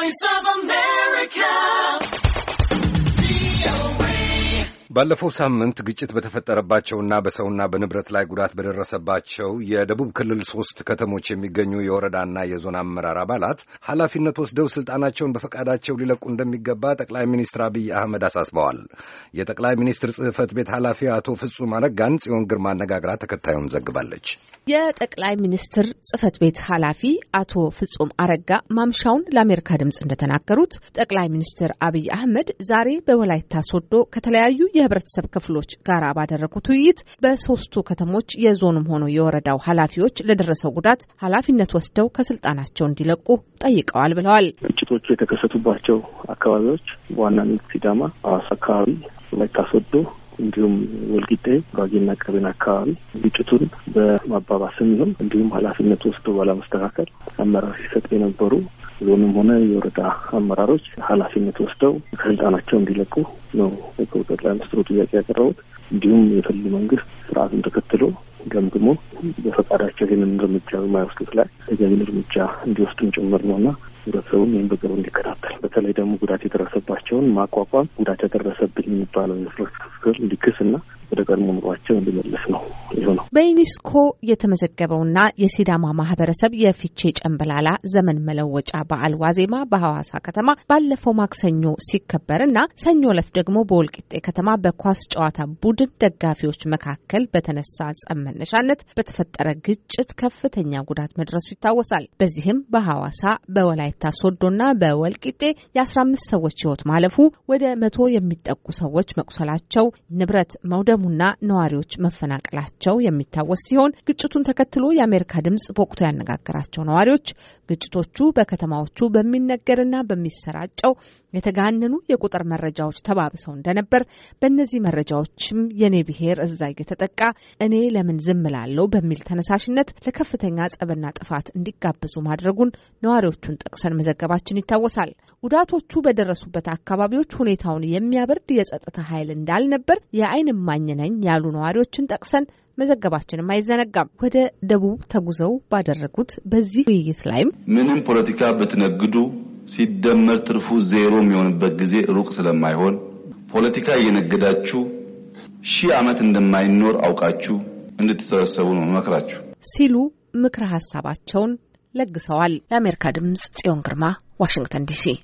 Voice of America ባለፈው ሳምንት ግጭት በተፈጠረባቸውና በሰውና በንብረት ላይ ጉዳት በደረሰባቸው የደቡብ ክልል ሶስት ከተሞች የሚገኙ የወረዳና የዞን አመራር አባላት ኃላፊነት ወስደው ስልጣናቸውን በፈቃዳቸው ሊለቁ እንደሚገባ ጠቅላይ ሚኒስትር አብይ አህመድ አሳስበዋል። የጠቅላይ ሚኒስትር ጽህፈት ቤት ኃላፊ አቶ ፍጹም አረጋን ጽዮን ግርማ አነጋግራ ተከታዩን ዘግባለች። የጠቅላይ ሚኒስትር ጽህፈት ቤት ኃላፊ አቶ ፍጹም አረጋ ማምሻውን ለአሜሪካ ድምፅ እንደተናገሩት ጠቅላይ ሚኒስትር አብይ አህመድ ዛሬ በወላይታ ሶዶ ከተለያዩ የህብረተሰብ ክፍሎች ጋር ባደረጉት ውይይት በሶስቱ ከተሞች የዞኑም ሆኖ የወረዳው ኃላፊዎች ለደረሰው ጉዳት ኃላፊነት ወስደው ከስልጣናቸው እንዲለቁ ጠይቀዋል ብለዋል። ግጭቶቹ የተከሰቱባቸው አካባቢዎች በዋናነት ሲዳማ፣ ሐዋሳ አካባቢ፣ ወላይታ ሶዶ፣ እንዲሁም ወልቂጤ ጉራጌና ቀቤን አካባቢ ግጭቱን በማባባስም ይሁን እንዲሁም ኃላፊነት ወስዶ ባለመስተካከል አመራር ሲሰጥ የነበሩ ዞንም ሆነ የወረዳ አመራሮች ኃላፊነት ወስደው ከስልጣናቸው እንዲለቁ ነው ጠቅላይ ሚኒስትሩ ጥያቄ ያቀረቡት። እንዲሁም የክልሉ መንግስት ስርዓቱን ተገቢውን እርምጃ በማይወስዱት ላይ ተገቢውን እርምጃ እንዲወስዱን ጭምር ነው እና ህብረተሰቡም ይህን በቅርቡ እንዲከታተል በተለይ ደግሞ ጉዳት የደረሰባቸውን ማቋቋም ጉዳት ያደረሰብኝ የሚባለው የስሮች እንዲክስ እና ወደ ቀድሞ ኑሯቸው እንዲመለስ ነው የሆነው። በዩኔስኮ የተመዘገበውና የሲዳማ ማህበረሰብ የፊቼ ጨምበላላ ዘመን መለወጫ በዓል ዋዜማ በሐዋሳ ከተማ ባለፈው ማክሰኞ ሲከበርና ሰኞ ዕለት ደግሞ በወልቂጤ ከተማ በኳስ ጨዋታ ቡድን ደጋፊዎች መካከል በተነሳ ጸብ መነሻነት በተፈጠረ ግጭት ከፍተኛ ጉዳት መድረሱ ይታወሳል። በዚህም በሐዋሳ በወላይታ ሶዶና በወልቂጤ የአስራ አምስት ሰዎች ህይወት ማለፉ ወደ መቶ የሚጠጉ ሰዎች መቁሰላቸው ንብረት መውደሙ መውደሙና ነዋሪዎች መፈናቀላቸው የሚታወስ ሲሆን ግጭቱን ተከትሎ የአሜሪካ ድምጽ በወቅቱ ያነጋገራቸው ነዋሪዎች ግጭቶቹ በከተማዎቹ በሚነገርና በሚሰራጨው የተጋነኑ የቁጥር መረጃዎች ተባብሰው እንደነበር፣ በእነዚህ መረጃዎችም የኔ ብሔር እዛ እየተጠቃ እኔ ለምን ዝም ላለው በሚል ተነሳሽነት ለከፍተኛ ጸብና ጥፋት እንዲጋበዙ ማድረጉን ነዋሪዎቹን ጠቅሰን መዘገባችን ይታወሳል። ጉዳቶቹ በደረሱበት አካባቢዎች ሁኔታውን የሚያበርድ የጸጥታ ኃይል እንዳልነበር የአይን እማኝ ነኝ ያሉ ነዋሪዎችን ጠቅሰን መዘገባችንም አይዘነጋም። ወደ ደቡብ ተጉዘው ባደረጉት በዚህ ውይይት ላይም ምንም ፖለቲካ ብትነግዱ ሲደመር ትርፉ ዜሮ የሚሆንበት ጊዜ ሩቅ ስለማይሆን ፖለቲካ እየነገዳችሁ ሺህ ዓመት እንደማይኖር አውቃችሁ እንድትሰበሰቡ ነው መክራችሁ ሲሉ ምክረ ሀሳባቸውን ለግሰዋል። ለአሜሪካ ድምፅ ጽዮን ግርማ ዋሽንግተን ዲሲ